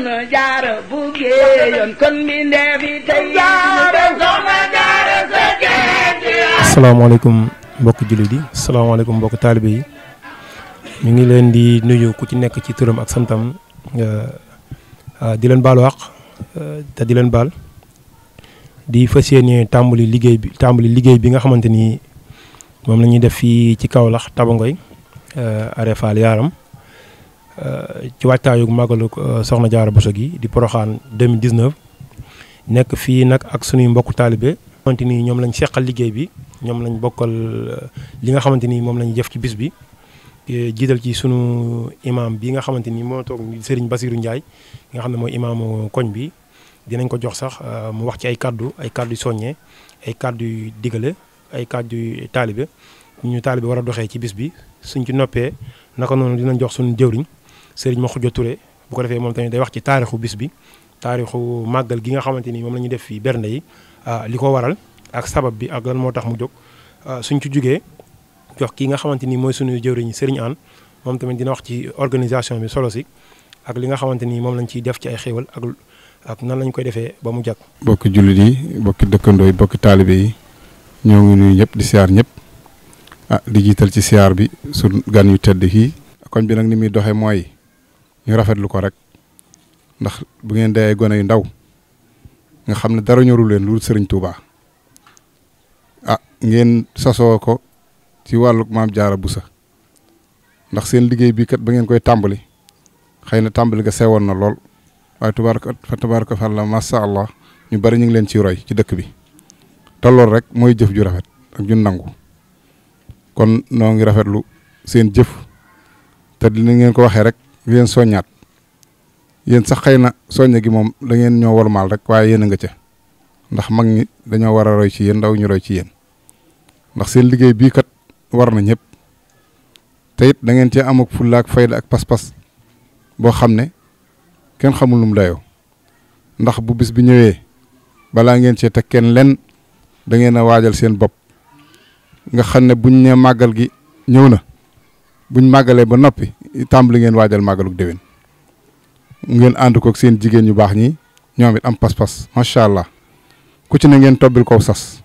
soxna jaara bu bi ndeefi tey jaara soxna mbokk jullit yi asalaamaaleykum mbokk taalibe yi ñu ngi leen di nuyu ku ci nekk ci turam ak santam ah, di leen baalu àq eh, te di leen baal di fas yéene tàmbali liggéey bi tàmbali liggéey bi nga xamante ni moom la ñuy def fii ci Kaolack Tabangoy eh, arefaal yaaram Euh, ci waajtaayu màggalu euh, soxna Jaara Bousso gi di Poroxaan 2019 nekk fii nag ak sunuy mbokku taalibe xamante ni ñoom lañ seqal liggéey bi ñoom lañ bokkal euh, li nga xamante ni moom lañ jëf ci bis bi jiital ci sunu imam bi nga xamante ni moo toog Serigne Basirou Ndiaye nga xam ne mooy imaamu koñ bi dinañ ko jox sax mu wax ci ay kàddu ay kàddu soññee ay kàddu yu digale ay kàddu yu taalibe ñu taalibe war a doxee ci bis bi suñ ci noppee naka noonu dinañ jox suñu jëwriñ sëriñ Serigne Makhoudia Touré bu ko defee moom tamit day wax ci taarixu bis bi taarixu màggal gi nga xamante ni moom la ñuy def fii bernde yi ah, li ko waral ak sabab bi ak lan moo tax mu jóg ah, suñ ci jógee jox kii nga xamante ni mooy suñu jëwriñ Serigne Anne moom tamit dina wax ci organisation bi solo si ak li nga xamante ni moom lañ ciy def ci ay xéewal ak ak nan lañ koy defee ba mu jag. bokki jullit yi bokki dëkkandoo yi bokki taalibe yi ñoo ngi nuyu ñëpp di siyaar ñëpp ah, di jiital ci siyaar bi su gan yu tedd kii koñ bi nag ni muy doxee mooy. ñu rafetlu ko rek ndax bu ngeen dee gone yu ndaw nga xam ne dara ñoru leen lu sëriñ Touba ah ngeen sasoo ko ci wàllu maam jaara busa ndax seen liggéey bi kat ba ngeen koy tàmbali xëy na tàmbali ga sewoon na lool waaye tubaarka fa tubaarka fa la masha Allah ñu bari ñu ngi leen ci roy ci dëkk bi te lool rek mooy jëf ju rafet ak ju nangu kon noo ngi rafetlu seen jëf te dina ngeen ko waxee rek di leen soññaat yéen sax xëy na soñña gi moom da ngeen ñoo warmaal rek waaye yéen a nga ca ndax mag ñi dañoo war a ci yéen ndaw ñu roy ci yéen ndax seen liggéey bii kat war na ñëpp te it da ngeen cee am ak fulla ak fayda ak pas-pas boo xam ne kenn xamul lum dayoo ndax bu bis bi ñëwee balaa ngeen cee teg kenn leen da ngeen a waajal seen bopp nga xam ne buñ ne màggal gi ñëw na buñ màggalee ba noppi tàmbali ngeen waajal màggalug déwén ngeen ànd kook seen jigéen ñu baax ñi ñoom it am pas-pas macha allah ku ci ne ngeen tobbil kow sas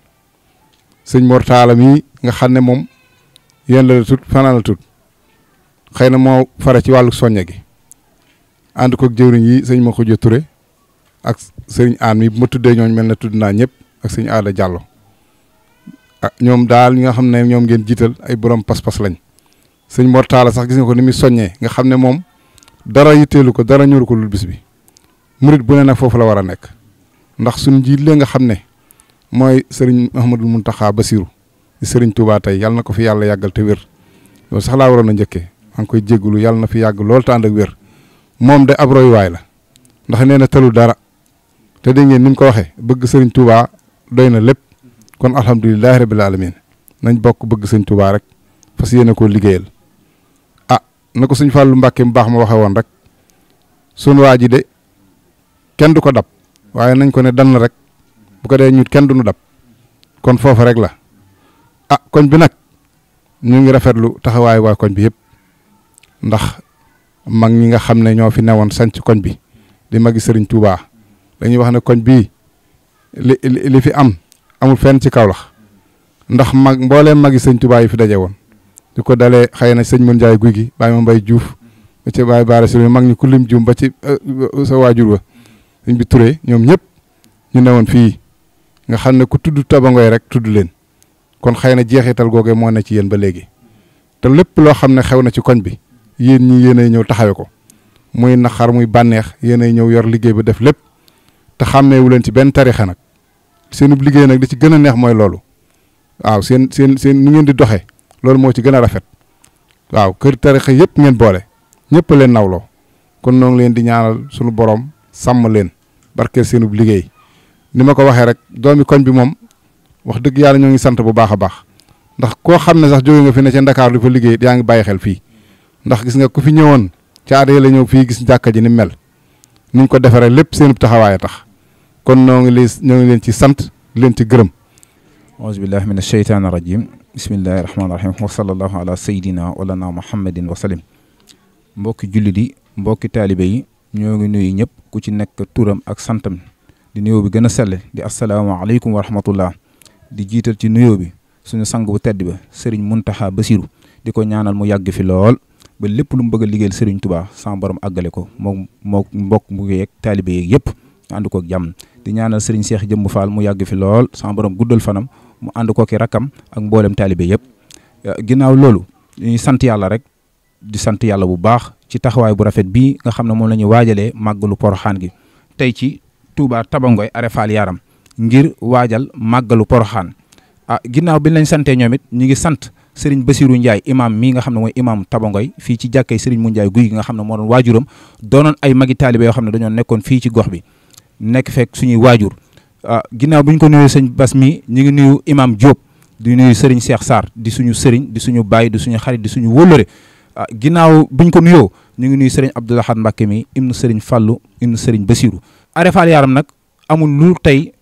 sëñ Mor Talla mi nga xam ne moom yéen la la tut fanaan tut xëy na moo fare ci wàllu soññe gi ànd kook jëwriñ yi sëñ ma xuj Ture ak sëriñ aan mi bu ma tuddee ñooñ mel na tudd naa ñëpp ak sëñ aada jàllo ah, ñoom daal ñi nga xam ne ñoom ngeen jiital ay borom pas-pas lañ sëñ Mor Talla sax gis nga ko ni muy soññee nga xam ne moom dara yitteelu ko dara ñoru ko lul bis bi murit bu ne nag foofu la war a nekk ndax suñ njiit lee nga xam ne mooy sëriñ Ahmadul Muntaxa Basiru di sëriñ Touba tey yàlla na ko fi yàlla yàggal te wér loolu sax laa waroon a njëkkee maa ngi koy jéggulu yàlla na fi yàgg loolu te ànd ak wér moom de ab royuwaay la ndax nee na talu dara te dégg ngeen ni mu ko waxee bëgg sëriñ Touba doy na lépp kon alhamdulilahi rabil alamin nañ bokk bëgg sëriñ Touba rek fas yéene koo liggéeyal na ko suñ fàllu mbàkke mu baax ma waxe woon rek sunu waa ji de kenn du ko dab waaye nañ ko ne dan rek bu ko dee ñut kenn du dab kon foofa rek la a ah, koñ bi nag ñu ngi rafetlu taxawaay waay koñ bi yëpp ndax mag ñi nga xam ne ñoo fi newoon sanc koñ bi di magi sëriñ Tuubaa dañuy wax ne koñ bi li li fi am amul fenn ci Kawlax ndax mag mbooleem magi sëriñ Tuubaa yi fi daje woon di ko dalee xëy na sëñ Mën Njaay guy gi bàyyi ma mbay Juuf ba baay bàyyi baara si mag ñi ku lim juum ba ci euh, sa waajur wa sëñ bi turee ñoom ñëpp ñu newoon fii nga xam ne ku tudd tabangoy rek tudd leen kon xëy na jeexital googee moo ne ci yéen ba léegi te lépp loo xam ne xew na ci koñ bi yéen ñi yéenay ñëw taxawe ko muy naxar muy bànneex yéenay ñëw yor liggéey ba def lépp te xàmmeewu leen ci benn tarixa nag seenub liggéey nag li ci gën a neex mooy loolu waaw seen seen seen nu ngeen di doxee loolu moo ci gën a rafet waaw kër tarixa yëpp ngeen boole ñëpp leen nawloo kon noo ngi leen di ñaanal sunu borom sàmm leen barkeel seenub liggéey ni ma ko waxee rek doomi koñ bi moom wax dëgg yàlla ñoo ngi sant bu baax a baax ndax koo xam ne sax jóge nga fi ne ca Ndakaar lu fa liggéey yaa ngi bàyyi xel fii ndax gis nga ku fi ñëwoon caada yi la ñëw fii gis jàkka ji ni mel niñ ko defaree lépp seenub taxawaay tax kon noo ngi leen ñoo ngi leen ci sant leen ci gërëm auzu billahi min asheytaani rajim bismillahi rahmaani rahim wa sallallahu ala sayyidina walana muhammadin wa salim mbokki jullit yi mbokki taalibe yi ñoo ngi nuyu ñëpp ku ci nekk turam ak santam di nuyoo bi gën a selle di asalaamaaleykum wa rahmatullah di jiital ci nuyoo bi suñu sang bu tedd ba sëriñ Muntaxa Basiru di ko ñaanal mu yàgg fi lool ba lépp lu mu bëgg a liggéeyal sëriñ Tuubaa sama àggale ko moom moo mbokk mu yeeg taalibe yeeg yëpp ànd ko ak jàmm di ñaanal sëriñ Seex Jëmb Faal mu yàgg fi lool sama guddal fanam mu ànd ko ki rakkam ak mboolem taalibe yëpp euh, ginnaaw loolu ñuy sant yàlla rek di sant yàlla bu baax ci taxawaay bu rafet bii nga xam ne moom la ñu waajalee màggalu poroxaan gi tey ci Touba Tabangoy arefaal yaram ngir waajal màggalu poroxaan ah ginnaaw bi lañ santee ñoom it ñu ngi sant sëriñ Basirou Ndiaye imam mii nga xam ne mooy imam Tabangoy fii ci jàkkee sëriñ mu njaay guy gi nga xam ne moo doon waajuram doonoon ay magi taalibe yoo xam ne dañoo nekkoon fii ci gox bi nekk fekk suñuy waajur ah ginnaaw bi ñu ko nuyoo sëñ Bas mi ñu ngi nuyu imaam Diop di nuyu Serigne seex Sarr di suñu Serigne di suñu baay di suñu xarit di suñu wóllare ah ginnaaw bi ko nuyoo ñu ngi nuyu Serigne Abdou Lahad Mbacké mi ibnu Serigne Fallou ibnu Serigne Bassirou arefaal yaram nag amul lu tey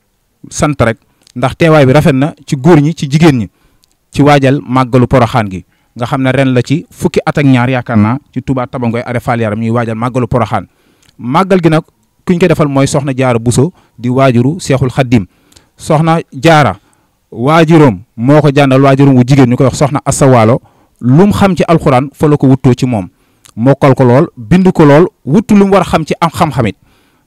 sant rek ndax teewaay bi rafet na ci góor ñi ci jigéen ñi ci waajal màggalu poroxaan gi nga xam ne ren la ci fukki at ñaar yaakaar naa ci Touba Tabangoy arefaal yaaram ñuy waajal màggalu poroxaan kuñ koy defal mooy soxna jaara buso di waajuru seexul xaddim soxna jaara waajuram moo ko jàndal waajuram wu jigéen ñu koy wax soxna asawaalo lu mu xam ci alxuraan fa la ko wuttoo ci moom mokkal ko lool bind ko lool wuttu lu mu war a xam ci am xam-xamit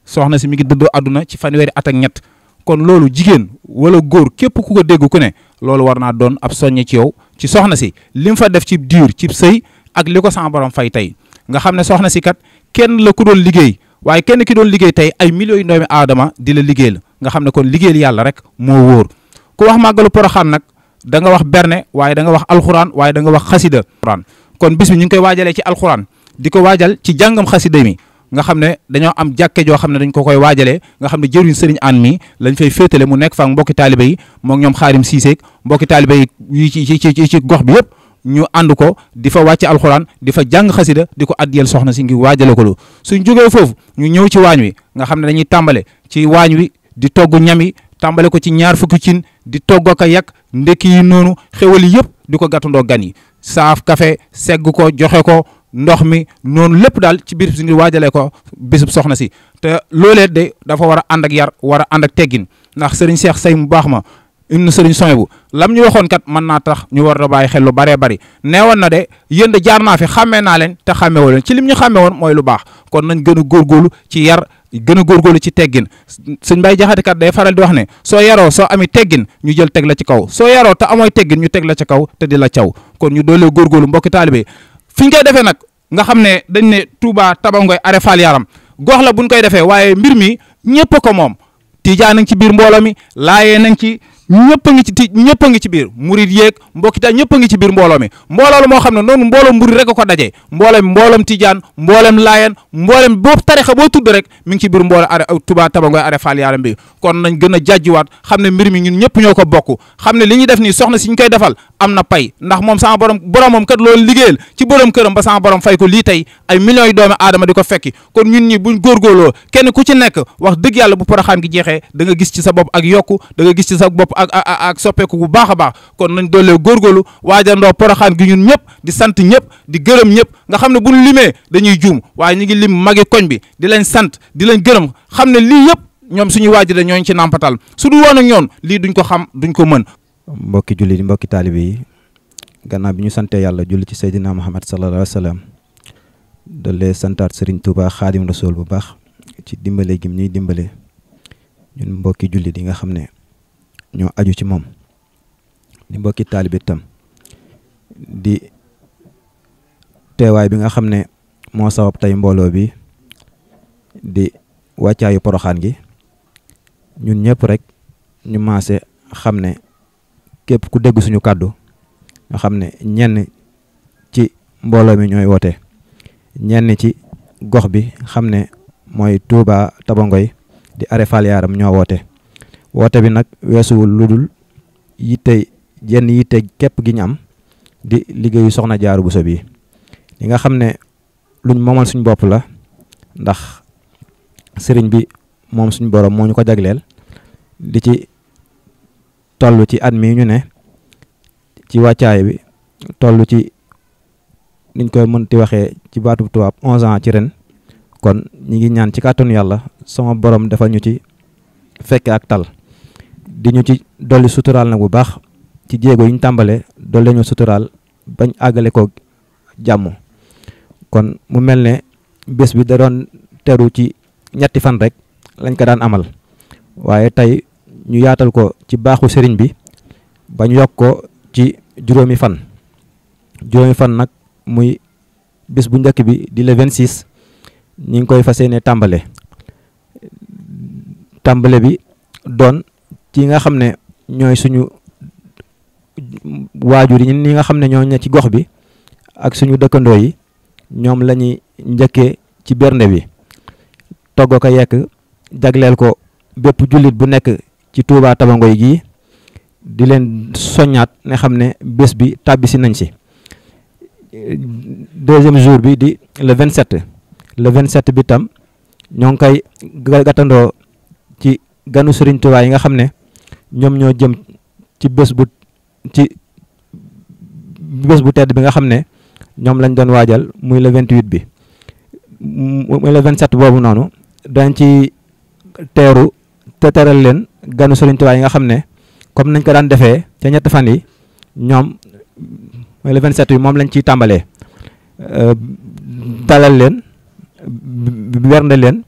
soxna si mi ngi dëddoo àdduna ci fanweeri at ñett kon loolu jigéen wala góor képp ku ko dégg ku ne loolu war naa doon ab soññe ci yow ci soxna si li fa def ci diir ci say ak li ko sama borom fay tey nga xam ne soxna si kat kenn liggéey waaye kenn ki doon liggéey tey ay millions yu doomi aadama di la liggéeyal nga xam ne kon liggéeyal yàlla rek moo wóor ku wax màggalu poroxaan nag da nga wax berne waaye danga wax alxuraan waaye danga nga wax xasida kon bis bi ñu ngi koy waajalee ci alxuraan di ko waajal ci jàngam xasida mi nga xam ne dañoo am jàkke joo xam ne dañ ko koy waajalee nga xam ne jëriñ sëriñ aan mi lañ fay féetale mu nekk fa mbokki taalibe yi moom ñoom xaarim siiseeg mbokki taalibe yi ci ci ci gox bi yëpp ñu ànd ko di fa wàcc alxuraan di fa jàng xasida di ko addiyal soxna si ngir waajale ko lu suñ jógee foofu ñu ñëw ci waañ wi nga xam ne dañuy tàmbale ci waañ wi di togg ñam yi tàmbale ko ci ñaar fukki cin di togg ak a yàq ndekki yi noonu xewal yëpp di ko gàttandoo gan yi saaf kafe segg ko joxe ko ndox mi noonu lépp daal ci biir si ngir waajalee ko bésub soxna si te loolee de dafa war a ànd ak yar war a ànd ak teggin ndax sëriñ Cheikh Say mu baax ma indi sëriñ soin bu lam ñu waxoon kat man naa tax ñu war a bàyyi xel lu bari nee neewoon na de yéen de jaar naa fi xàmmee naa leen te xàmmewoo leen ci lim ñu xamee woon mooy lu baax kon nañ gën a góorgóorlu ci yar gën a lu ci teggin sëñ Mbay Jaxate kat day faral di wax ne soo yaroo soo ami teggin ñu jël teg la ci kaw soo yaroo te amooy teggin ñu teg la ci kaw te di la caw kon ñu doolee góorgóorlu mbokki taalibe fi ñu koy defee nag nga xam ne dañ ne Touba Tabangoy arefal yaram gox la buñ koy defee waaye mbir mi ñëpp ko moom tijaan ci biir mbooloo mi laayee nañ ci ñëpp a ngi ci ti ñëpp a ngi ci biir murit yéeg mbokki ta ñëpp a ngi ci biir mbooloo mi mbooloo la moo xam ne noonu mbooloom murit rek a ko dajee mboolem mbooloom tijaan mboolem laayeen mboolem boo tarixa boo tudd rek mi ngi ci biir mbooloo are tubaa tabangoy are faal yaaram bi kon nañ gën a jàjjiwaat xam ne mbir mi ñun ñëpp ñoo ko bokk xam ne li ñuy def nii soxna si ñu koy defal am na pay ndax moom sama borom boromam kat loolu liggéeyal ci kër këram ba sama borom fay ko lii tey ay millions yi ko fekki kon ñun ñi buñ góorgóorloo kenn ku ci nekk wax dëgg yàlla bu poroxaam gi jeexee da nga gis ci sa bopp ak yokku da nga gis bopp ak ak soppeeku bu baax a baax kon nañ doolee góorgóorlu waajandoo poroxaan gi ñun ñëpp di sant ñëpp di gërëm ñëpp nga xam ne bu ñu limee dañuy juum waaye ñu ngi lim magi koñ bi di lañ sant di lañ gërëm xam ne lii yëpp ñoom suñu waajur ñooñ ci nàmpatal su du woon ñoon lii duñ ko xam duñ ko mën. mbokki julli di mbokki taalibe yi gannaaw bi ñu santee yàlla julli ci Seydina Muhammad sallallahu alayhi wa sallam doole santaat Serigne Touba Xaadim Rasul bu baax ci dimbale gi ñuy dimbale ñun mbokki julli di nga xam ne ñoo aju ci moom ni mbokki taalibe di teewaay bi nga xam ne moo sabab tey mbooloo bi di wàccaayu poroxaan gi ñun ñëpp rek ñu maase xam ne képp ku dégg suñu kàddu nga xam ne ñenn ci mbooloo bi ñooy woote ñenn ci gox bi xam ne mooy Touba Tabangoy di are Fall Yaram ñoo woote woote bi nag weesuwul lu dul yitte jenn yitte képp gi ñu am di liggéeyu soxna Diarra Bousso bi li nga xam ne luñ moomal suñ bopp la ndax sëriñ bi moom suñ borom moo ñu ko jagleel di ci toll ci at mi ñu ne ci wàccaay bi tollu ci niñ koy mënti waxee ci baatub tubaab onze ans ci ren kon ñi ngi ñaan ci kàttanu yàlla sama borom dafa ñu ci fekke ak tal di ñu ci dolli suturaal nag bu baax ci jéego yi tàmbale tàmbalee dolli ñu suturaal bañ àggale ko jàmm kon mu mel ne bés bi da doon teru ci ñetti fan rek lañ ko daan amal waaye tey ñu yaatal ko ci baaxu sëriñ bi bañ ñu yokk ko ci juróomi fan juróomi fan nag muy bés bu njëkk bi di le 26 ñi ngi koy fas yéene tàmbale tàmbale bi doon ci nga xam ne ñooy suñu waajur yi ñi nga xam ne ñoo ne ci gox bi ak suñu dëkkandoo yi ñoom lañuy ñuy njëkkee ci bernde bi togg ko yekk jagleel ko bépp jullit bu nekk ci Touba Tabangoy gii di leen soññaat ne xam ne bés bi tàbbisi nañ si deuxième jour bi di le 27 le 27 bi tam ñoo ngi koy gàttandoo ci ganu sëriñ Touba yi nga xam ne ñoom ñoo jëm ci bés bu ci bés bu tedd bi nga xam ne ñoom lañ doon waajal muy le 28 bi muy le boobu noonu dañ ci teeru te teral leen ganu Sëriñ Tuubaa yi nga xam ne comme nañ ko daan defee ca ñett fan yi ñoom muy le 27 bi moom lañ ciy tàmbalee dalal leen wernde leen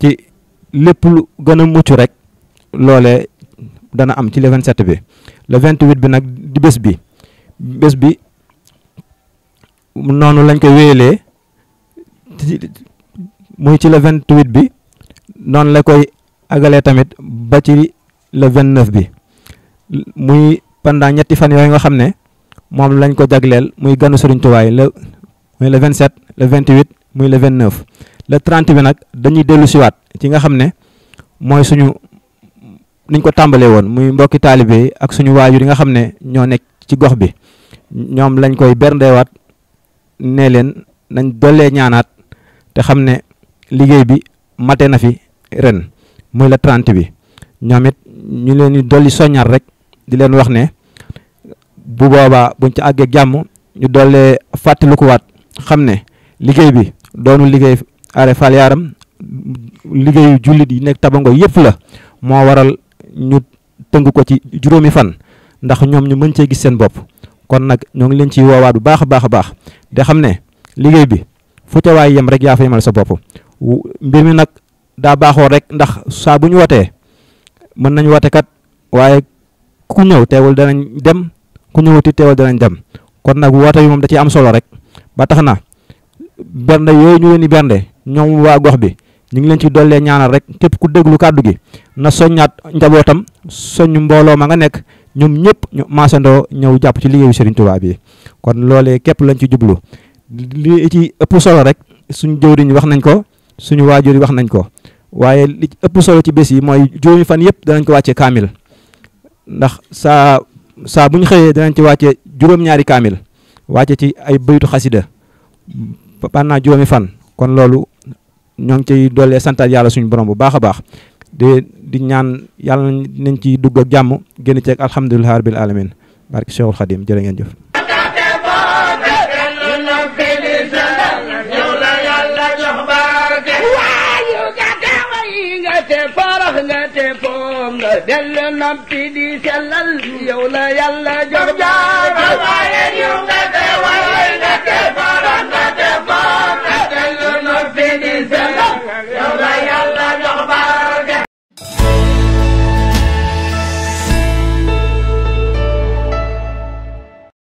ci lépp gën a mucc rek loolee dana am ci le 27 bi le 28 bi nag di bés bi bés bi noonu lañ koy wéyalee muy ci le 28 bi noonu la koy agalee tamit ba ci le 29 bi muy pendant ñetti fan yooyu nga xam ne moom lañ ko jagleel muy ganu Sëriñ Tuubaa le muy le 27 le 28 muy le 29 le 30 bi nag dañuy dellusiwaat siwaat ci nga xam ne mooy suñu niñ ko tàmbalee woon muy mbokki taalibe ak suñu waajur yi nga xam ne ñoo nekk ci gox bi ñoom lañ koy berndeewaat ne leen nañ dollee ñaanaat te xam ne liggéey bi mate na fi ren muy la trent bi ñoom it ñu leen di dolli soñaar rek di leen wax ne bu boobaa buñ ci àggee jàmm ñu dollee fàttalikuwaat xam ne liggéey bi doonu liggéey are fal yaaram liggéeyu jullit yi nekk tabango yëpp la moo waral ñu tënk ko ci juróomi fan ndax ñoom ñu mën cee gis seen bopp kon nag ñoo ngi leen ciy woowaat bu baax a baax a baax de xam ne liggéey bi fu ca waay yem rek yaa fa yemal sa bopp mbir mi nag daa baaxoo rek ndax saa bu ñu wootee mën nañ woote kat waaye ku ñëw teewul danañ dem ku ñëwati teewul danañ dem kon nag woote yi moom da ciy am solo rek ba tax na bernde yooyu ñu leen di bernde ñoom waa gox bi ñu ngi leen ci dollee ñaanal rek képp ku déglu kàddu gi na soññaat njabootam soññ mbooloo ma nga nekk ñoom ñëpp ñu maasandoo ñëw jàpp ci liggéeyu Serigne Touba yi kon loole képp lañ ci jublu li ci ëpp solo rek suñu jëwriñ wax nañ ko suñu waajur yi wax nañ ko waaye li ëpp solo ci bés yi mooy juróomi fan yëpp danañ ko wàcce kaamil ndax saa saa bu ñu xëyee danañ ci wàccee juróom-ñaari kaamil wàcce ci ay baytu xasida pendant juróomi fan kon loolu ñoo ngi ciy doolee santaat yàlla suñu borom bu baax a baax di di ñaan yàlla nañ ci dugg a jàmm génn ci ak alhamdulilah rabbil alamin barke Cheikhul Khadim jërë ngeen jëf